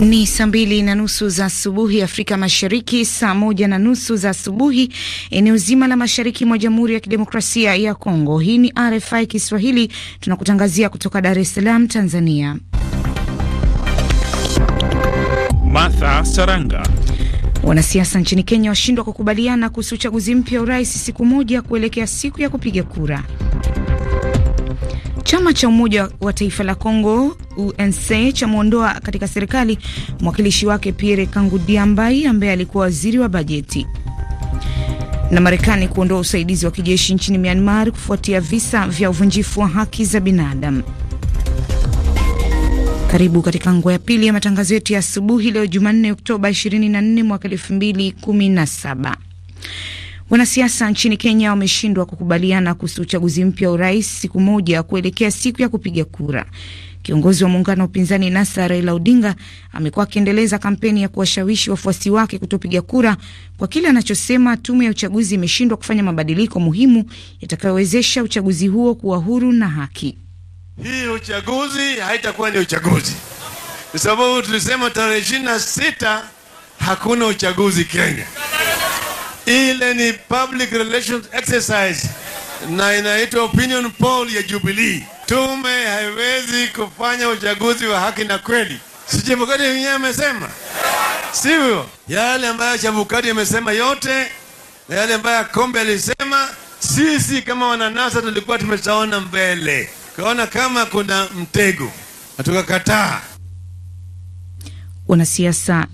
Ni saa mbili na nusu za asubuhi Afrika Mashariki, saa moja na nusu za asubuhi eneo zima la mashariki mwa Jamhuri ya Kidemokrasia ya Kongo. Hii ni RFI Kiswahili, tunakutangazia kutoka Dar es Salaam, Tanzania. Martha Saranga. Wanasiasa nchini Kenya washindwa kukubaliana kuhusu uchaguzi mpya wa urais siku moja kuelekea siku ya kupiga kura. Chama cha Umoja wa Taifa la congo UNC chamwondoa katika serikali mwakilishi wake Pierre Kangudiambai ambaye alikuwa waziri wa bajeti. Na Marekani kuondoa usaidizi wa kijeshi nchini Myanmar kufuatia visa vya uvunjifu wa haki za binadamu. Karibu katika ngwa ya pili ya matangazo yetu ya asubuhi leo Jumanne, Oktoba 24 mwaka 2017. Wanasiasa nchini Kenya wameshindwa kukubaliana kuhusu uchaguzi mpya wa urais siku moja kuelekea siku ya kupiga kura. Kiongozi wa muungano wa upinzani NASA Raila Odinga amekuwa akiendeleza kampeni ya kuwashawishi wafuasi wake kutopiga kura kwa kile anachosema tume ya uchaguzi imeshindwa kufanya mabadiliko muhimu yatakayowezesha uchaguzi huo kuwa huru na haki. Hii uchaguzi haitakuwa ni uchaguzi, kwa sababu tulisema tarehe ishirini na sita hakuna uchaguzi Kenya. Ile ni public relations exercise na inaitwa opinion poll ya Jubilee. Tume haiwezi kufanya uchaguzi wa haki na kweli. Si Chebukati mwenyewe amesema sivyo? Yale ambayo Chebukati amesema yote na yale ambayo Kombe alisema, sisi kama wananasa tulikuwa tumeshaona mbele, tukaona kama kuna mtego na tukakataa. Wanasiasa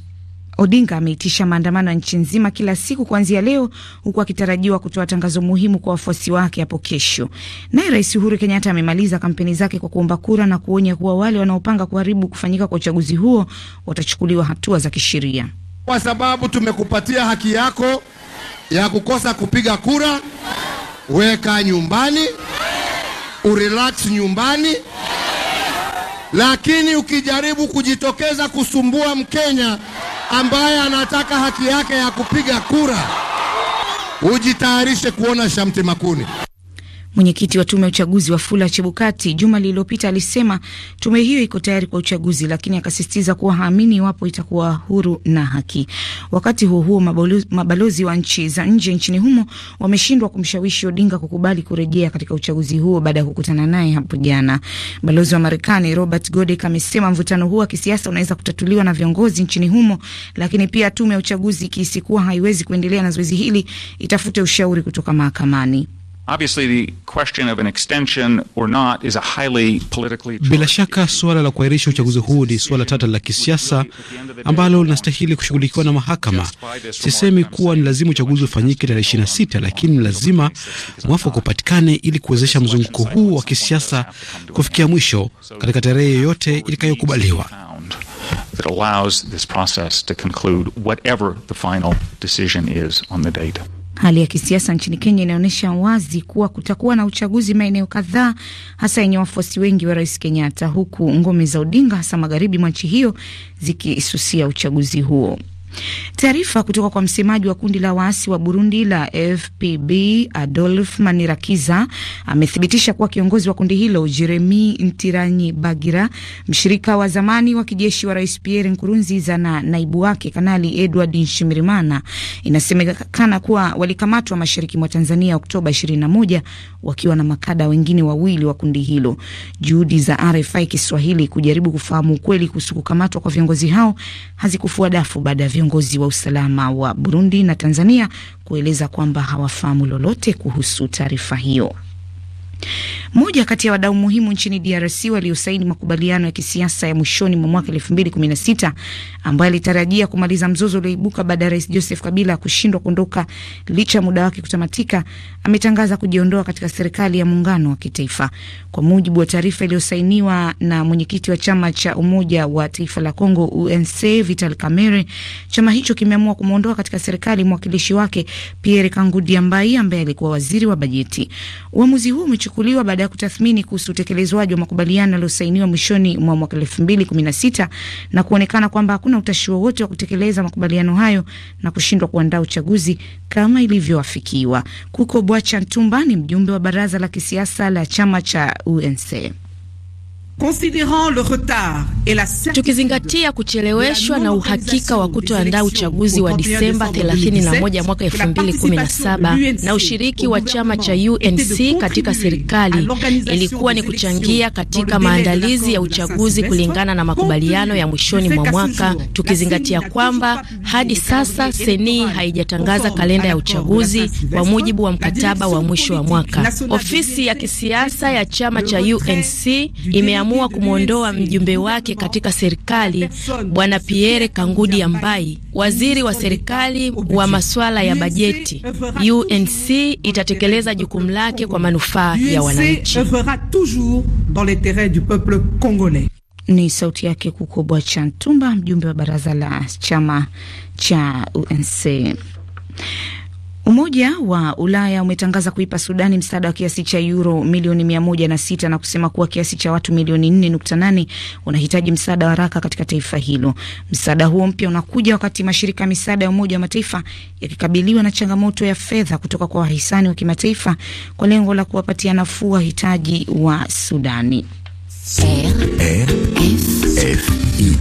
Odinga ameitisha maandamano ya nchi nzima kila siku kuanzia leo, huku akitarajiwa kutoa tangazo muhimu kwa wafuasi wake hapo kesho. Naye Rais Uhuru Kenyatta amemaliza kampeni zake kwa kuomba kura na kuonya kuwa wale wanaopanga kuharibu kufanyika kwa uchaguzi huo watachukuliwa hatua za kisheria, kwa sababu tumekupatia haki yako ya kukosa kupiga kura. Weka nyumbani, urelax nyumbani, lakini ukijaribu kujitokeza kusumbua Mkenya ambaye anataka haki yake ya kupiga kura, ujitayarishe kuona shamte makuni. Mwenyekiti wa tume ya uchaguzi wa Fula Chebukati juma lililopita alisema tume hiyo iko tayari kwa uchaguzi, lakini akasisitiza kuwa haamini iwapo itakuwa huru na haki. Wakati huo huo, mabalozi wa nchi za nje nchini humo wameshindwa kumshawishi Odinga kukubali kurejea katika uchaguzi huo baada ya kukutana naye hapo jana. Balozi wa Marekani Robert Godek amesema mvutano huo wa kisiasa unaweza kutatuliwa na viongozi nchini humo, lakini pia tume ya uchaguzi ikihisi kuwa haiwezi kuendelea na zoezi hili itafute ushauri kutoka mahakamani. Obviously the question of an extension or not is a highly politically... Bila shaka suala la kuahirisha uchaguzi huu ni suala tata la kisiasa ambalo linastahili kushughulikiwa na mahakama. Sisemi kuwa ni lazima uchaguzi ufanyike tarehe ishirini na sita, lakini lazima mwafaka upatikane ili kuwezesha mzunguko huu wa kisiasa kufikia mwisho katika tarehe yoyote itakayokubaliwa. that allows this process to conclude whatever the final decision is on the date. Hali ya kisiasa nchini Kenya inaonyesha wazi kuwa kutakuwa na uchaguzi maeneo kadhaa, hasa yenye wafuasi wengi wa rais Kenyatta, huku ngome za Odinga hasa magharibi mwa nchi hiyo zikisusia uchaguzi huo. Taarifa kutoka kwa msemaji wa kundi la waasi wa Burundi la FPB Adolf Manirakiza amethibitisha kuwa kiongozi wa kundi hilo Jeremi Ntiranyi Bagira, mshirika wa zamani wa kijeshi wa Rais Pierre Nkurunziza na naibu wake Kanali Edward Nshimirimana, inasemekana kuwa walikamatwa mashariki mwa Tanzania Oktoba 21 wakiwa na makada wengine wawili wa kundi hilo. Juhudi za RFI Kiswahili kujaribu kufahamu ukweli kuhusu kukamatwa kwa viongozi hao hazikufua dafu baada ya viongozi wa usalama wa Burundi na Tanzania kueleza kwamba hawafahamu lolote kuhusu taarifa hiyo. Moja kati ya wadau muhimu nchini DRC waliosaini makubaliano ya kisiasa ya mwishoni mwa mwaka 2016 ambayo alitarajia kumaliza mzozo ulioibuka baada ya Rais Joseph Kabila kushindwa kuondoka licha ya muda wake kutamatika, ametangaza kujiondoa katika serikali ya muungano wa kitaifa. Kwa mujibu wa taarifa iliyosainiwa na mwenyekiti wa chama cha Umoja wa Taifa la Congo UNC Vital Kamerhe, chama hicho kimeamua kumwondoa katika serikali mwakilishi wake Pierre Kangudi Mbai ambaye alikuwa waziri wa bajeti. Uamuzi huu yalichukuliwa baada ya kutathmini kuhusu utekelezwaji wa makubaliano yaliyosainiwa mwishoni mwa mwaka 2016 na kuonekana kwamba hakuna utashi wowote wa kutekeleza makubaliano hayo na kushindwa kuandaa uchaguzi kama ilivyoafikiwa. Kuko Bwacha Ntumba ni mjumbe wa baraza la kisiasa la chama cha UNC. Tukizingatia kucheleweshwa na uhakika wa kutoandaa uchaguzi wa Disemba 31 mwaka 2017 na ushiriki wa chama cha UNC katika serikali ilikuwa ni kuchangia katika maandalizi ya uchaguzi kulingana na makubaliano ya mwishoni mwa mwaka, tukizingatia kwamba hadi sasa seni haijatangaza kalenda ya uchaguzi kwa mujibu wa mkataba wa mwisho wa mwaka. Ofisi ya kisiasa ya chama cha UNC ime ameamua kumwondoa mjumbe wake katika serikali Bwana Pierre Kangudi Ambai, waziri wa serikali wa masuala ya bajeti. UNC itatekeleza jukumu lake kwa manufaa ya wananchi. Ni sauti yake kukubwa Ntumba, mjumbe wa baraza la chama cha UNC. Umoja wa Ulaya umetangaza kuipa Sudani msaada wa kiasi cha yuro milioni mia moja na sita na kusema kuwa kiasi cha watu milioni nne nukta nane wanahitaji msaada wa haraka katika taifa hilo. Msaada huo mpya unakuja wakati mashirika ya misaada ya Umoja wa Mataifa yakikabiliwa na changamoto ya fedha kutoka kwa wahisani wa kimataifa kwa lengo la kuwapatia nafuu wahitaji wa Sudani. RFI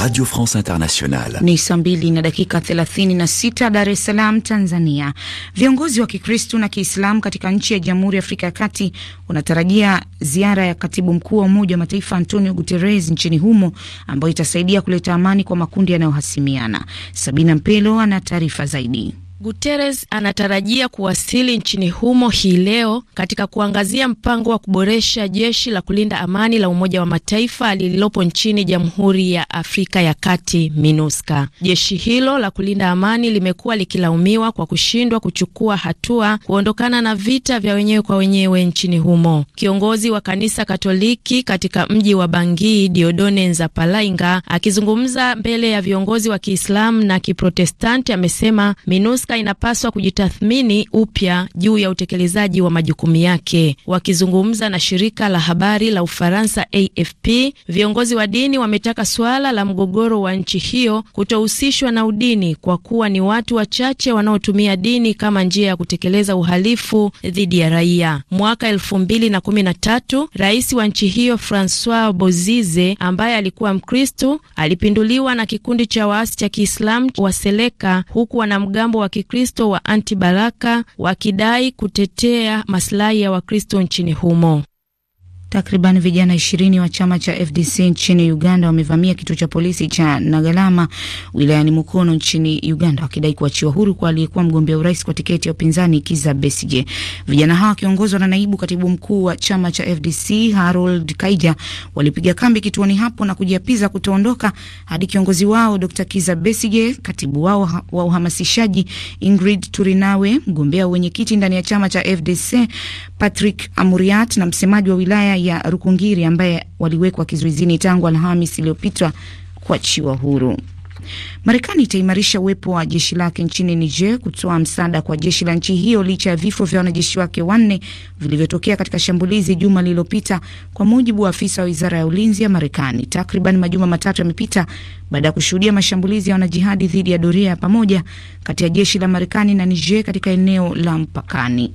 Radio France Internationale. Ni saa mbili na dakika 36 Dar es Salaam, Tanzania. Viongozi wa Kikristu na Kiislamu katika nchi ya Jamhuri ya Afrika ya Kati wanatarajia ziara ya katibu mkuu wa Umoja wa Mataifa Antonio Guterres nchini humo ambayo itasaidia kuleta amani kwa makundi yanayohasimiana. Sabina Mpelo ana taarifa zaidi. Guterres anatarajia kuwasili nchini humo hii leo katika kuangazia mpango wa kuboresha jeshi la kulinda amani la Umoja wa Mataifa lililopo nchini Jamhuri ya Afrika ya Kati, MINUSCA. Jeshi hilo la kulinda amani limekuwa likilaumiwa kwa kushindwa kuchukua hatua kuondokana na vita vya wenyewe kwa wenyewe nchini humo. Kiongozi wa kanisa Katoliki katika mji wa Bangui, Diodone Nzapalainga, akizungumza mbele ya viongozi wa Kiislamu na Kiprotestanti, amesema MINUSCA Monusca inapaswa kujitathmini upya juu ya utekelezaji wa majukumu yake. Wakizungumza na shirika la habari la Ufaransa AFP, viongozi wa dini wametaka suala la mgogoro wa nchi hiyo kutohusishwa na udini kwa kuwa ni watu wachache wanaotumia dini kama njia ya kutekeleza uhalifu dhidi ya raia. Mwaka 2013 rais wa nchi hiyo Francois Bozize ambaye alikuwa Mkristo alipinduliwa na kikundi cha waasi cha Kiislamu wa Seleka huku wanamgambo wa Kikristo wa anti-Baraka wakidai kutetea masilahi ya Wakristo nchini humo. Takriban vijana ishirini wa chama cha FDC nchini Uganda wamevamia kituo cha polisi cha Nagalama wilayani Mukono nchini Uganda wakidai kuachiwa huru kwa aliyekuwa mgombea urais kwa tiketi ya upinzani Kiza Besigye. Vijana hawa wakiongozwa na naibu katibu mkuu wa chama cha FDC Harold Kaija walipiga kambi kituoni hapo na kujiapiza kutoondoka hadi kiongozi wao Dr. Kiza Besige, katibu wao wa uhamasishaji Ingrid Turinawe, mgombea wenyekiti ndani ya chama cha FDC Patrick Amuriat na msemaji wa wilaya ya Rukungiri ambaye waliwekwa kizuizini tangu Alhamis iliyopitwa kuachiwa huru. Marekani itaimarisha uwepo wa jeshi lake nchini Niger kutoa msaada kwa jeshi la nchi hiyo licha ya vifo vya wanajeshi wake wanne vilivyotokea katika shambulizi juma lililopita, kwa mujibu wa afisa wa wizara ya ulinzi ya Marekani. Takriban majuma matatu yamepita baada ya kushuhudia mashambulizi ya wanajihadi dhidi ya doria ya pamoja kati ya jeshi la Marekani na Niger katika eneo la mpakani.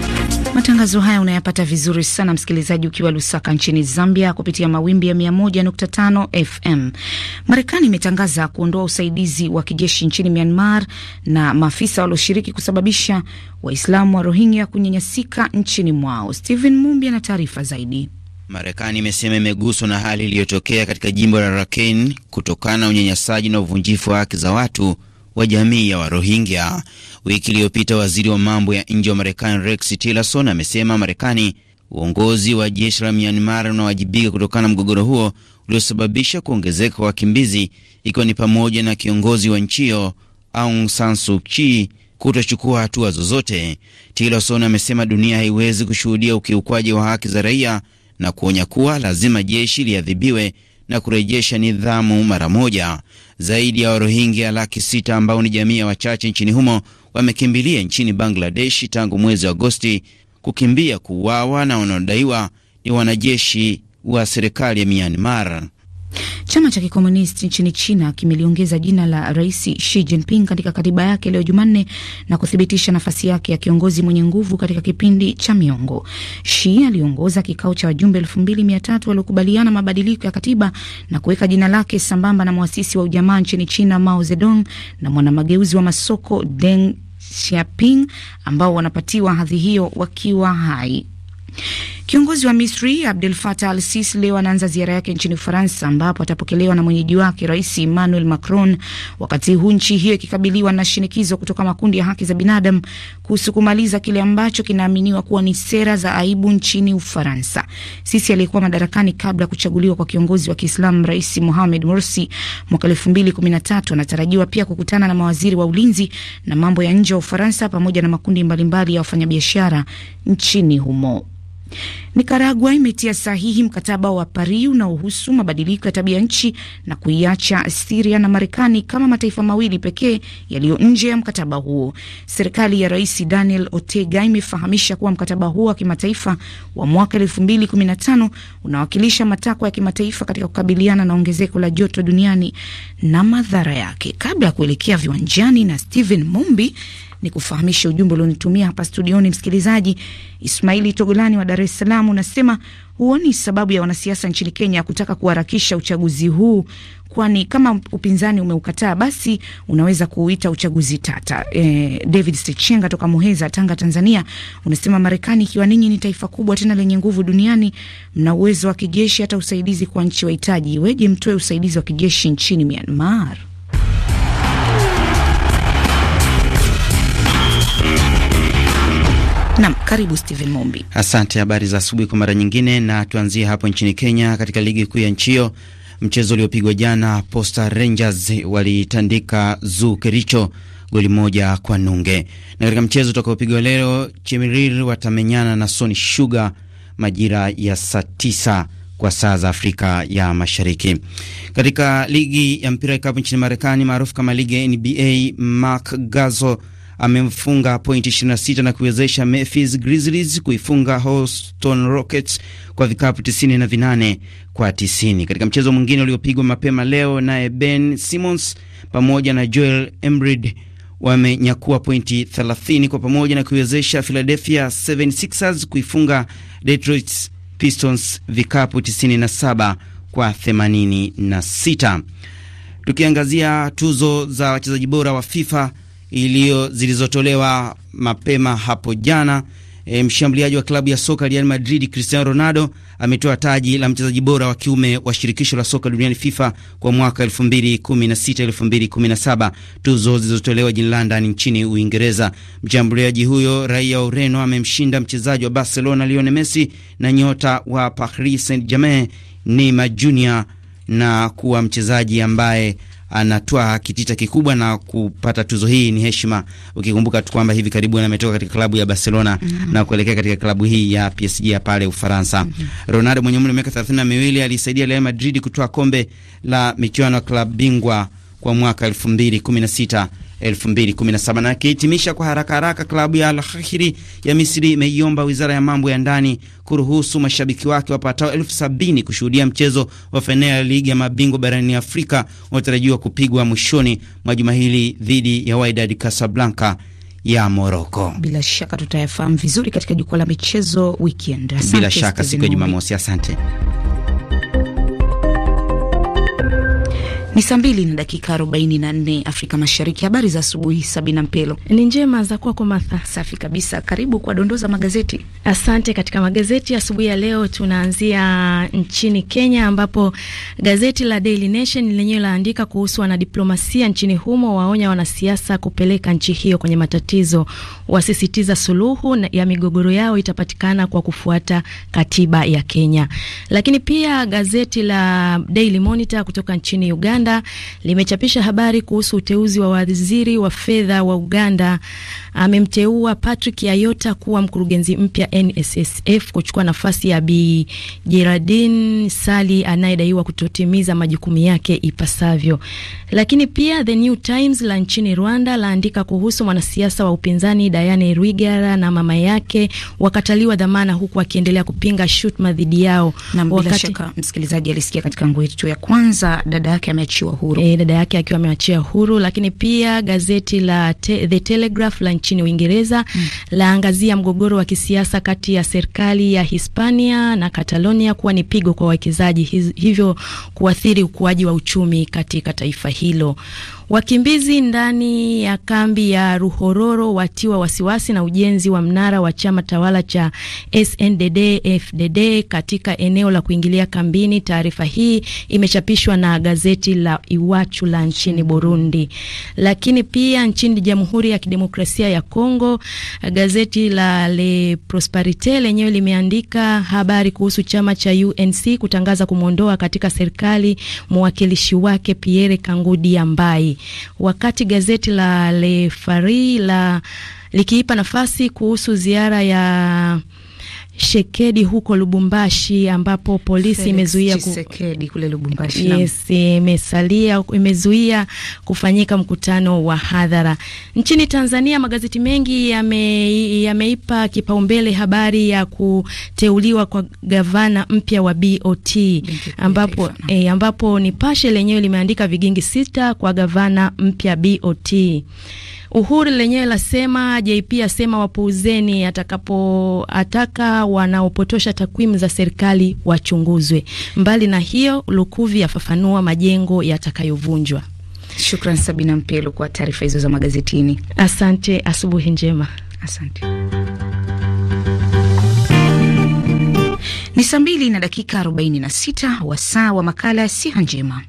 Matangazo haya unayapata vizuri sana msikilizaji, ukiwa Lusaka nchini Zambia kupitia mawimbi ya 101.5 FM. Marekani imetangaza kuondoa usaidizi wa kijeshi nchini Myanmar na maafisa walioshiriki kusababisha Waislamu wa Rohingya kunyanyasika nchini mwao. Stephen Mumbi ana taarifa zaidi. Marekani imesema imeguswa na hali iliyotokea katika jimbo la Rakhine kutokana na unyanyasaji na uvunjifu wa haki za watu wa jamii ya Warohingya. Wiki iliyopita waziri wa mambo ya nje wa Marekani Rex Tillerson amesema Marekani, uongozi wa jeshi la Myanmar unawajibika kutokana na mgogoro huo uliosababisha kuongezeka kwa wakimbizi, ikiwa ni pamoja na kiongozi wa nchi hiyo Aung San Suu Kyi kutochukua hatua zozote. Tillerson amesema dunia haiwezi kushuhudia ukiukwaji wa haki za raia na kuonya kuwa lazima jeshi liadhibiwe na kurejesha nidhamu mara moja. Zaidi ya Warohingya laki sita ambao ni jamii ya wachache nchini humo wamekimbilia nchini Bangladeshi tangu mwezi Agosti, kukimbia kuuawa na wanaodaiwa ni wanajeshi wa serikali ya Myanmar. Chama cha kikomunisti nchini China kimeliongeza jina la Rais Xi Jinping katika katiba yake leo Jumanne na kuthibitisha nafasi yake ya kiongozi mwenye nguvu katika kipindi cha miongo. Xi aliongoza kikao cha wajumbe elfu mbili mia tatu waliokubaliana mabadiliko ya katiba na kuweka jina lake sambamba na mwasisi wa ujamaa nchini China Mao Zedong na mwanamageuzi wa masoko Deng Xiaoping ambao wanapatiwa hadhi hiyo wakiwa hai. Kiongozi wa Misri Abdel Fattah al Sisi leo anaanza ziara yake nchini Ufaransa, ambapo atapokelewa na mwenyeji wake Rais Emmanuel Macron, wakati huu nchi hiyo ikikabiliwa na shinikizo kutoka makundi ya haki za binadamu kuhusu kumaliza kile ambacho kinaaminiwa kuwa ni sera za aibu nchini Ufaransa. Sisi aliyekuwa madarakani kabla ya kuchaguliwa kwa kiongozi wa Kiislamu Rais Mohamed Morsi mwaka tatu anatarajiwa pia kukutana na mawaziri wa ulinzi na mambo ya nje wa Ufaransa pamoja na makundi mbalimbali mbali ya wafanyabiashara nchini humo. Nikaragua imetia sahihi mkataba wa Paris unaohusu mabadiliko ya tabia nchi na kuiacha Siria na Marekani kama mataifa mawili pekee yaliyo nje ya mkataba huo. Serikali ya Rais Daniel Ortega imefahamisha kuwa mkataba huo wa kimataifa wa mwaka 2015 unawakilisha matakwa ya kimataifa katika kukabiliana na ongezeko la joto duniani na madhara yake. Kabla ya kuelekea viwanjani na Steven Mumbi ni kufahamisha ujumbe ulionitumia hapa studioni. Msikilizaji Ismaili Togolani wa Dar es Salaam unasema huoni sababu ya wanasiasa nchini Kenya kutaka kuharakisha uchaguzi huu, kwani kama upinzani umeukataa basi unaweza kuuita uchaguzi tata. E, David Sechenga toka Muheza, Tanga, Tanzania unasema Marekani, ikiwa ninyi ni taifa kubwa tena lenye nguvu duniani, mna uwezo wa kijeshi, hata usaidizi kwa nchi wahitaji, weje mtoe usaidizi wa kijeshi nchini Myanmar? Nam, karibu Steven Mumbi. Asante, habari za asubuhi kwa mara nyingine, na tuanzie hapo nchini Kenya, katika ligi kuu ya nchi hiyo. Mchezo uliopigwa jana, Posta Rangers walitandika Zoo Kericho goli moja kwa nunge, na katika mchezo utakaopigwa leo, Chimirir watamenyana na Sony Sugar majira ya saa tisa kwa saa za Afrika ya Mashariki. Katika ligi ya mpira ya kikapu nchini Marekani maarufu kama ligi ya NBA, Mark Gasol amemfunga point 26 na kuiwezesha Memphis Grizzlies kuifunga Houston Rockets kwa vikapu 98 na vinane kwa 90. Katika mchezo mwingine uliopigwa mapema leo, naye Ben Simmons pamoja na Joel Embiid wamenyakua pointi 30 kwa pamoja na kuiwezesha Philadelphia 76ers kuifunga Detroit Pistons vikapu 97 kwa 86. Tukiangazia tuzo za wachezaji bora wa FIFA iliyo zilizotolewa mapema hapo jana. E, mshambuliaji wa klabu ya soka Real Madrid Cristiano Ronaldo ametoa taji la mchezaji bora wa kiume wa shirikisho la soka duniani FIFA kwa mwaka 2016 2017, tuzo zilizotolewa jijini London nchini Uingereza. Mshambuliaji huyo raia wa Ureno amemshinda mchezaji wa Barcelona Lionel Messi na nyota wa Paris Saint-Germain Neymar Jr na kuwa mchezaji ambaye anatoa kitita kikubwa na kupata tuzo hii. Ni heshima ukikumbuka tu kwamba hivi karibuni ametoka katika klabu ya Barcelona mm -hmm. na kuelekea katika klabu hii ya PSG ya pale Ufaransa mm -hmm. Ronaldo mwenye umri wa miaka thelathini na miwili alisaidia Real Madrid kutoa kombe la michuano ya klabu bingwa kwa mwaka elfu mbili kumi na sita 2017. Na akihitimisha kwa haraka haraka, klabu ya Al Ahly ya Misri imeiomba wizara ya mambo ya ndani kuruhusu mashabiki wake wapatao elfu sabini kushuhudia mchezo wa fainali ya ligi ya mabingwa barani Afrika unaotarajiwa kupigwa mwishoni mwa juma hili dhidi ya Wydad Casablanca ya Moroko. Bila shaka tutayafahamu vizuri katika jukwaa la michezo weekend. Bila shaka siku ya Jumamosi. Asante. Ni saa mbili na dakika arobaini na nne Afrika Mashariki. Habari za asubuhi, Sabina Mpelo. Ni njema za kwako Martha? Safi kabisa, karibu kwa dondoo za magazeti. Asante. Katika magazeti asubuhi ya, ya leo tunaanzia nchini Kenya ambapo gazeti la Daily Nation lenyewe laandika kuhusu wanadiplomasia nchini humo, waonya wanasiasa kupeleka nchi hiyo kwenye matatizo, wasisitiza suluhu ya migogoro yao itapatikana kwa kufuata katiba ya Kenya. Lakini pia gazeti la Daily Monitor kutoka nchini Uganda Uganda limechapisha habari kuhusu uteuzi wa waziri wa fedha wa Uganda amemteua Patrick Ayota kuwa mkurugenzi mpya NSSF kuchukua nafasi ya Bi Geraldine Sali anayedaiwa kutotimiza majukumu yake ipasavyo. Lakini pia The New Times la nchini Rwanda laandika kuhusu mwanasiasa wa upinzani Diane Rwigara na mama yake wakataliwa dhamana huku akiendelea kupinga shutuma dhidi yao. Na bila shaka msikilizaji alisikia katika nguo yetu ya kwanza dada yake ameachiwa huru. E, dada yake akiwa ameachiwa huru, lakini pia gazeti la te, The Telegraph la nchini Uingereza mm. laangazia mgogoro wa kisiasa kati ya serikali ya Hispania na Catalonia kuwa ni pigo kwa wawekezaji, hivyo kuathiri ukuaji wa uchumi katika taifa hilo. Wakimbizi ndani ya kambi ya Ruhororo watiwa wasiwasi na ujenzi wa mnara wa chama tawala cha SNDD-FDD katika eneo la kuingilia kambini. Taarifa hii imechapishwa na gazeti la Iwachu la nchini Burundi. Lakini pia nchini Jamhuri ya Kidemokrasia ya Kongo, gazeti la Le Prosperite lenyewe limeandika habari kuhusu chama cha UNC kutangaza kumwondoa katika serikali mwakilishi wake Pierre Kangudi Yambai wakati gazeti la Le Fari la likiipa nafasi kuhusu ziara ya Shekedi huko Lubumbashi, ambapo polisi imezuia ku... Shekedi kule Lubumbashi, yes, imesalia imezuia kufanyika mkutano wa hadhara nchini Tanzania. Magazeti mengi yame, yameipa kipaumbele habari ya kuteuliwa kwa gavana mpya wa BOT ambapo, e, ambapo Nipashe lenyewe limeandika vigingi sita kwa gavana mpya BOT. Uhuru lenyewe lasema JP asema wapuuzeni, atakapo ataka wanaopotosha takwimu za serikali wachunguzwe. Mbali na hiyo, Lukuvi afafanua majengo yatakayovunjwa. Shukran Sabina Mpelo kwa taarifa hizo za magazetini. Asante, asubuhi njema. Asante. Ni saa mbili na dakika 46 wasaa wa makala ya siha njema.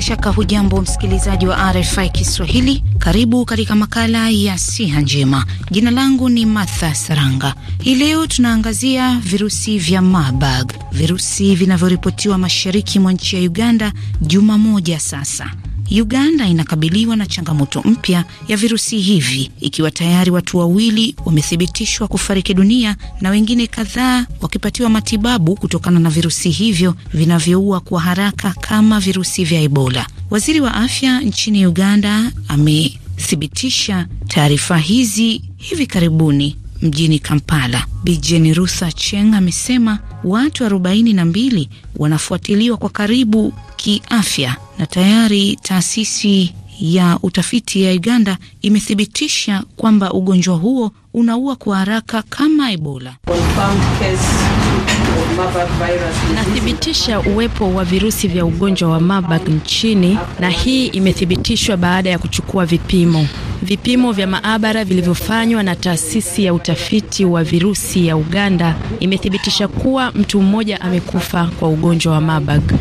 Bila shaka hujambo msikilizaji wa RFI Kiswahili, karibu katika makala ya siha njema. Jina langu ni Martha Saranga. Hii leo tunaangazia virusi vya Marburg, virusi vinavyoripotiwa mashariki mwa nchi ya Uganda juma moja sasa. Uganda inakabiliwa na changamoto mpya ya virusi hivi, ikiwa tayari watu wawili wamethibitishwa kufariki dunia na wengine kadhaa wakipatiwa matibabu kutokana na virusi hivyo vinavyoua kwa haraka kama virusi vya Ebola. Waziri wa afya nchini Uganda amethibitisha taarifa hizi hivi karibuni mjini Kampala. bijeni Rusa Cheng amesema watu 42 wanafuatiliwa kwa karibu kiafya na tayari taasisi ya utafiti ya Uganda imethibitisha kwamba ugonjwa huo unaua kwa haraka kama Ebola. Nathibitisha uwepo wa virusi vya ugonjwa wa Marburg nchini na hii imethibitishwa baada ya kuchukua vipimo. Vipimo vya maabara vilivyofanywa na taasisi ya utafiti wa virusi ya Uganda imethibitisha kuwa mtu mmoja amekufa kwa ugonjwa wa Marburg.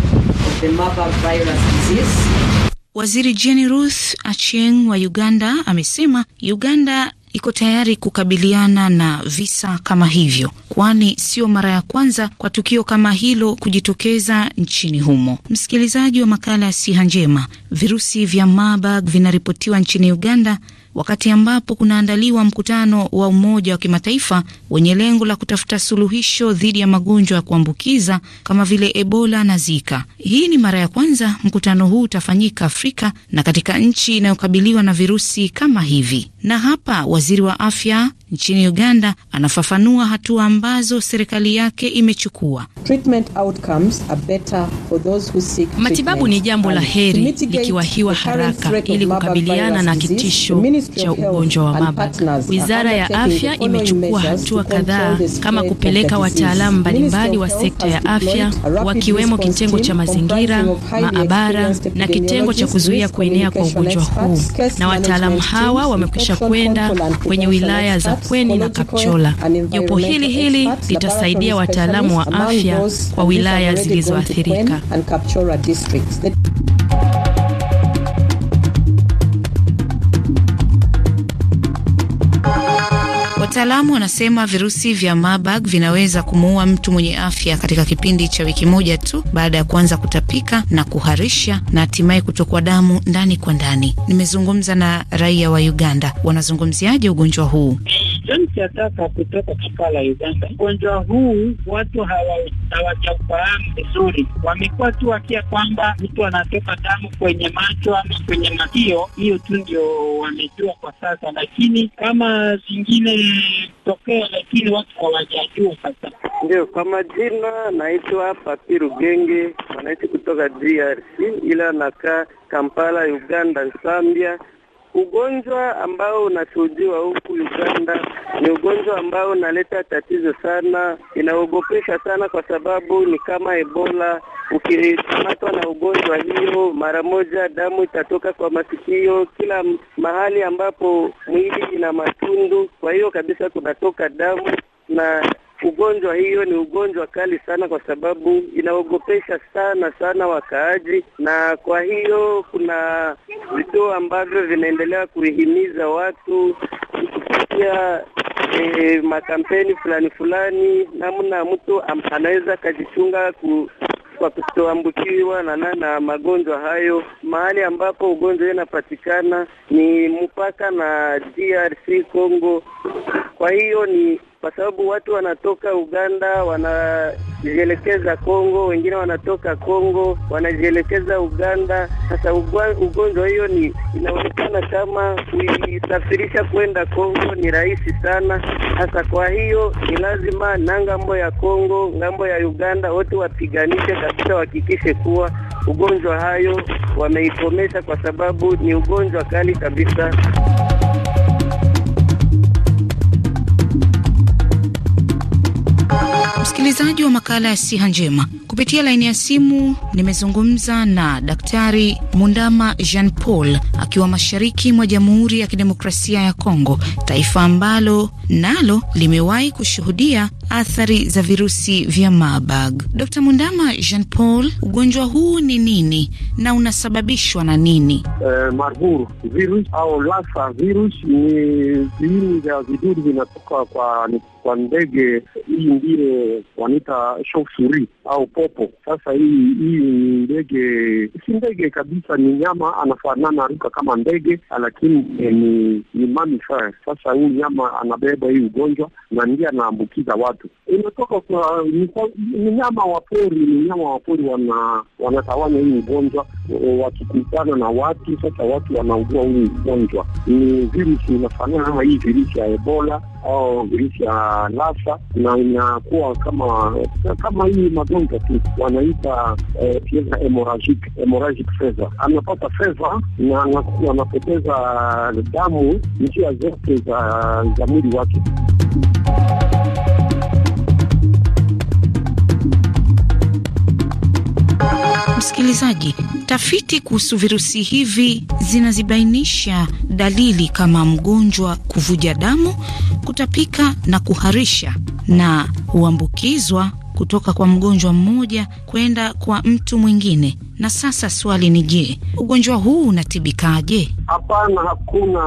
Waziri Jenny Ruth Achieng wa Uganda amesema Uganda iko tayari kukabiliana na visa kama hivyo, kwani sio mara ya kwanza kwa tukio kama hilo kujitokeza nchini humo. Msikilizaji wa makala ya siha njema, virusi vya Marburg vinaripotiwa nchini Uganda wakati ambapo kunaandaliwa mkutano wa Umoja wa Kimataifa wenye lengo la kutafuta suluhisho dhidi ya magonjwa ya kuambukiza kama vile Ebola na Zika. Hii ni mara ya kwanza mkutano huu utafanyika Afrika na katika nchi inayokabiliwa na virusi kama hivi. Na hapa waziri wa afya nchini Uganda anafafanua hatua ambazo serikali yake imechukua. Matibabu ni jambo la heri likiwahiwa haraka ili kukabiliana na kitisho cha ugonjwa wa Marburg. Wizara ya Afya imechukua hatua kadhaa kama kupeleka wataalamu mbalimbali wa sekta ya afya, wakiwemo kitengo cha mazingira, maabara na kitengo cha kuzuia kuenea kwa ugonjwa huu, na wataalamu hawa wamekwisha kuwawezesha kwenda kwenye wilaya za Kweni na Kapchola. Jopo hili hili litasaidia wataalamu wa afya kwa wilaya zilizoathirika. Wataalamu wanasema virusi vya Marburg vinaweza kumuua mtu mwenye afya katika kipindi cha wiki moja tu baada ya kuanza kutapika na kuharisha na hatimaye kutokwa damu ndani kwa ndani. Nimezungumza na raia wa Uganda, wanazungumziaje ugonjwa huu? sensi ataka kutoka Kampala, Uganda. Ugonjwa huu watu hawachaufahamu vizuri, wamekuwa tu wakia kwamba mtu anatoka damu kwenye macho ama kwenye makio. Hiyo tu ndio wamejua kwa sasa, lakini kama zingine tokea, lakini watu hawajajua sasa. Ndio, kwa majina naitwa Papiru Genge, wanaishi kutoka DRC ila nakaa Kampala, Uganda, Zambia Ugonjwa ambao unashuhudiwa huku Uganda ni ugonjwa ambao unaleta tatizo sana, inaogopesha sana, kwa sababu ni kama Ebola. Ukikamatwa na ugonjwa hiyo, mara moja damu itatoka kwa masikio, kila mahali ambapo mwili ina matundu, kwa hiyo kabisa kunatoka damu na ugonjwa hiyo ni ugonjwa kali sana, kwa sababu inaogopesha sana sana wakaaji, na kwa hiyo kuna vituo ambavyo vinaendelea kuihimiza watu kupitia e, makampeni fulani fulani, namna mtu anaweza akajichunga ku kwa kutoambukiwa na na magonjwa hayo. Mahali ambapo ugonjwa hiyo inapatikana ni mpaka na DRC Congo, kwa hiyo ni kwa sababu watu wanatoka Uganda wanajielekeza Kongo, wengine wanatoka Kongo wanajielekeza Uganda. Sasa ugonjwa hiyo ni inaonekana kama kuisafirisha kwenda Kongo ni rahisi sana. Sasa kwa hiyo ni lazima na ngambo ya Kongo, ngambo ya Uganda, wote wapiganishe kabisa, wahakikishe kuwa ugonjwa hayo wameikomesha, kwa sababu ni ugonjwa kali kabisa. Msikilizaji wa makala ya siha njema, kupitia laini ya simu nimezungumza na Daktari Mundama Jean Paul akiwa mashariki mwa Jamhuri ya Kidemokrasia ya Kongo, taifa ambalo nalo limewahi kushuhudia athari za virusi vya Marburg. Dr. Mundama Jean Paul, ugonjwa huu ni nini na unasababishwa na nini? Uh, Marburg virus au Lassa virus ni viini vya vidudu vinatoka kwa kwa ndege hii ndiyo wanaita shofuri au popo. Sasa hii hii ni ndege, si ndege kabisa, ni nyama, anafanana ruka kama ndege, lakini e, ni ni mammifer. Sasa huyu nyama anabeba hii ugonjwa na ndiye anaambukiza watu, inatoka kwa ni nyama wa pori, ni nyama wa pori wanatawanya hii ugonjwa wakikutana na watu sasa, watu wanaugua huu ugonjwa. Ni virusi inafanana kama hii virusi ya Ebola au virusi ya Lassa, na inakuwa kama kama hii magonjwa tu wanaita fever eh, hemorrhagic, hemorrhagic fever. Anapata fever na anapoteza damu njia zote za, za mwili wake. Msikilizaji, tafiti kuhusu virusi hivi zinazibainisha dalili kama mgonjwa kuvuja damu, kutapika na kuharisha, na huambukizwa kutoka kwa mgonjwa mmoja kwenda kwa mtu mwingine na sasa swali ni je, ugonjwa huu unatibikaje? Hapana, hakuna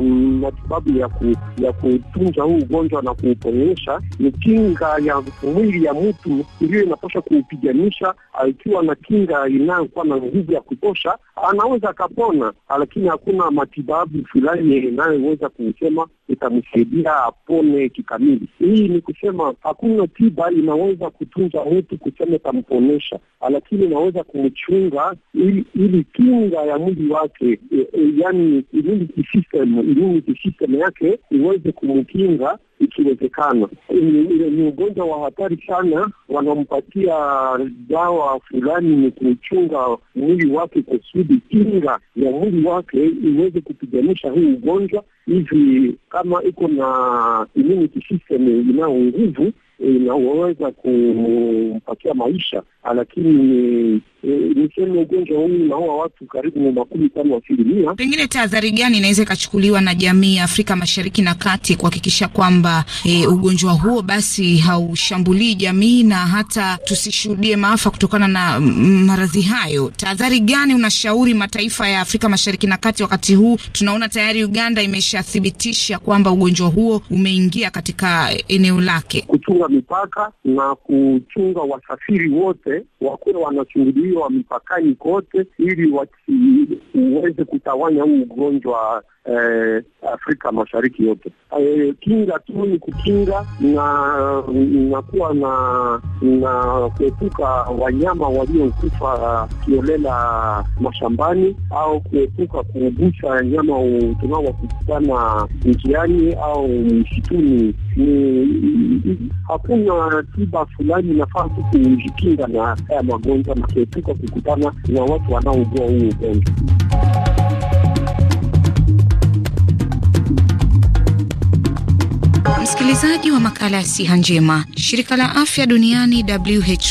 mm, matibabu ya ku, ya kutunza huu ugonjwa na kuuponyesha. Ni kinga ya mwili ya mtu ndiyo inapasha kuupiganisha. Ikiwa na kinga inayokuwa na nguvu ya kutosha, anaweza akapona, lakini hakuna matibabu fulani inayoweza kusema itamsaidia apone kikamili. Hii ni kusema hakuna tiba inaweza kutunza mtu kusema itamponesha, lakini inaweza kumchunga ili, ili kinga ya mwili wake e, e, yani immunity system, immunity system yake iweze kumkinga ikiwezekana. Ni ugonjwa wa hatari sana, wanampatia dawa fulani, ni kuchunga mwili wake kusudi kinga ya mwili wake iweze kupiganisha huu ugonjwa, hivi kama iko na immunity system inayo nguvu inaweza kumpatia maisha, lakini niseme ugonjwa huu unaua watu karibu makumi tano asilimia. Pengine tahadhari gani inaweza ikachukuliwa na jamii ya Afrika Mashariki na Kati kuhakikisha kwamba e, ugonjwa huo basi haushambulii jamii na hata tusishuhudie maafa kutokana na mm, maradhi hayo? Tahadhari gani unashauri mataifa ya Afrika Mashariki na Kati wakati huu tunaona tayari Uganda imeshathibitisha kwamba ugonjwa huo umeingia katika eneo lake? Kuchunga mipaka na kuchunga wasafiri wote wakuwe wanachunguliwa mipakani kote, ili wasiweze kutawanya huu ugonjwa eh, Afrika Mashariki yote. Eh, kinga tu ni kukinga na nakuwa na na kuepuka wanyama waliokufa kiolela mashambani au kuepuka kugusa wanyama tunaowakutana njiani au msituni ni hakuna tiba fulani inafaa tu kujikinga na haya magonjwa na kuepuka kukutana na watu wanaougua huu ugonjwa. Msikilizaji wa makala ya siha njema, shirika la afya duniani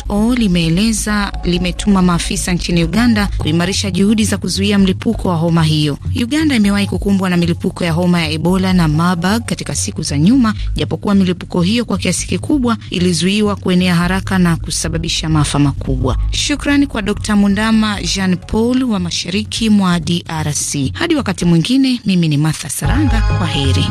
WHO limeeleza limetuma maafisa nchini Uganda kuimarisha juhudi za kuzuia mlipuko wa homa hiyo. Uganda imewahi kukumbwa na milipuko ya homa ya Ebola na Marburg katika siku za nyuma, japokuwa milipuko hiyo kwa kiasi kikubwa ilizuiwa kuenea haraka na kusababisha maafa makubwa. Shukrani kwa Dr. Mundama Jean Paul wa mashariki mwa DRC. Hadi wakati mwingine, mimi ni Martha Saranga, kwa heri.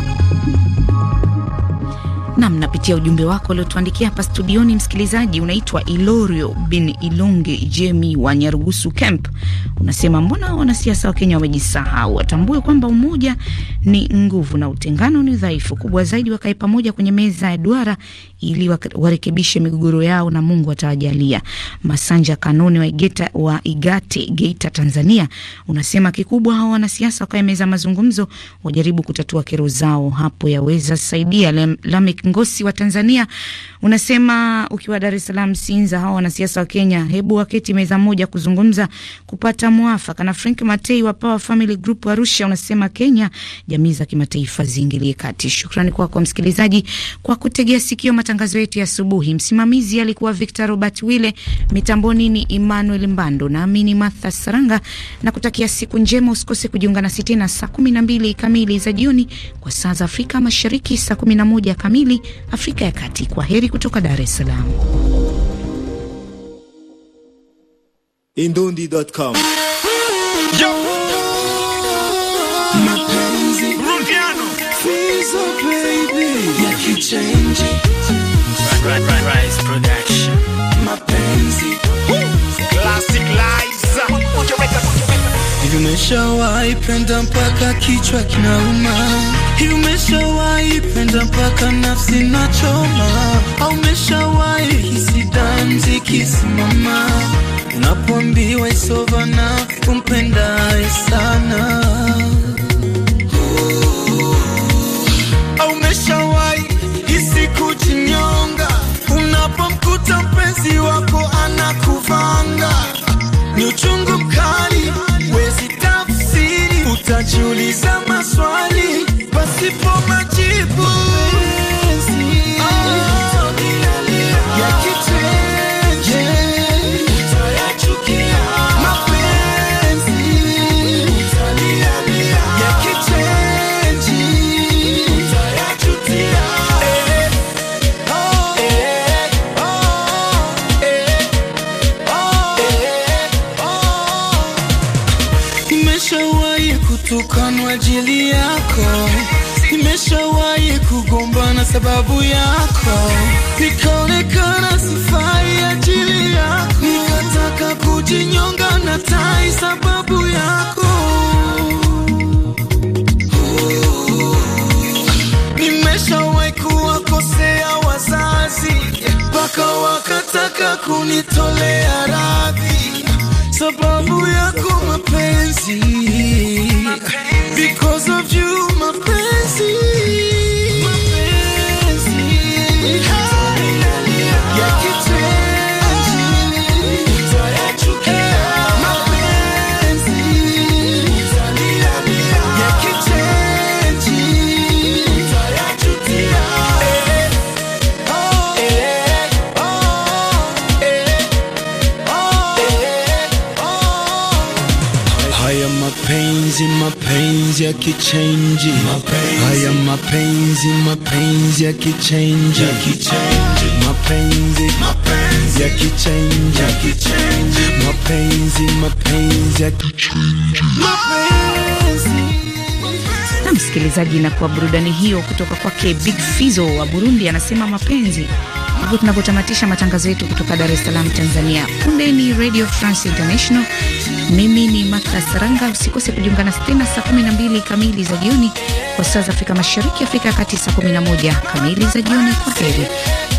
Nam, napitia ujumbe wako uliotuandikia hapa studioni. Msikilizaji unaitwa Ilorio bin Ilonge Jemi wa Nyarugusu Camp, unasema mbona wanasiasa wa Kenya wamejisahau? Watambue kwamba umoja ni nguvu na utengano ni udhaifu. Kubwa zaidi, wakae pamoja kwenye meza ya duara ili warekebishe migogoro yao na Mungu atawajalia. Masanja Kanone wa Igeta, wa Igate Geita, Tanzania, unasema kikubwa hawa wanasiasa wakae meza mazungumzo, wajaribu kutatua kero zao, hapo yaweza saidia. Lamek Ngosi wa Tanzania unasema ukiwa Dar es Salaam, Sinza, hawa wanasiasa wa Kenya hebu waketi meza moja kuzungumza kupata mwafaka. Na Frank Matei wa Power Family Group Arusha unasema Kenya, jamii za kimataifa ziingilie kati. Shukrani kwako kwa msikilizaji kwa kutegea sikio matangazo yetu ya asubuhi. Msimamizi alikuwa Victor Robert Wile, mitamboni ni Emmanuel Mbando, naamini Martha Saranga na kutakia siku njema. Usikose kujiunga nasi tena saa 12 kamili za jioni kwa saa za Afrika Mashariki, saa 11 kamili Kiswahili Afrika ya Kati. Kwa heri kutoka Dar es Salaam. right, Mapenzi Umeshawahi penda mpaka kichwa kinauma, umeshawahi penda mpaka nafsi nachoma, au umeshawahi hisi danzi kisimama, unapoambiwa it's over na kumpendaye sana au umeshawahi hisi kujinyonga unapomkuta mpenzi wako kujiuliza maswali pasipo sababu yako nikaonekana sifai ajili yako, nikataka kujinyonga na tai sababu yako uh, nimeshawahi kuwakosea wazazi mpaka wakataka kunitolea radhi sababu yako mapenzi, because of you mapenzi yakichenji, haya mapenzi mapenzi yakichenji, mapenzi yakichenji, mapenzi mapenzi yakichenji, na msikilizaji, na kwa burudani hiyo kutoka kwake Big fizo wa Burundi, anasema mapenzi Ndivyo tunavyotamatisha matangazo yetu kutoka Dar es Salaam, Tanzania. Punde ni Radio France International. Mimi ni Martha Saranga. Usikose kujiunga nasi tena saa 12 kamili za jioni kwa saa za Afrika Mashariki, Afrika ya Kati saa 11 kamili za jioni. Kwa heri.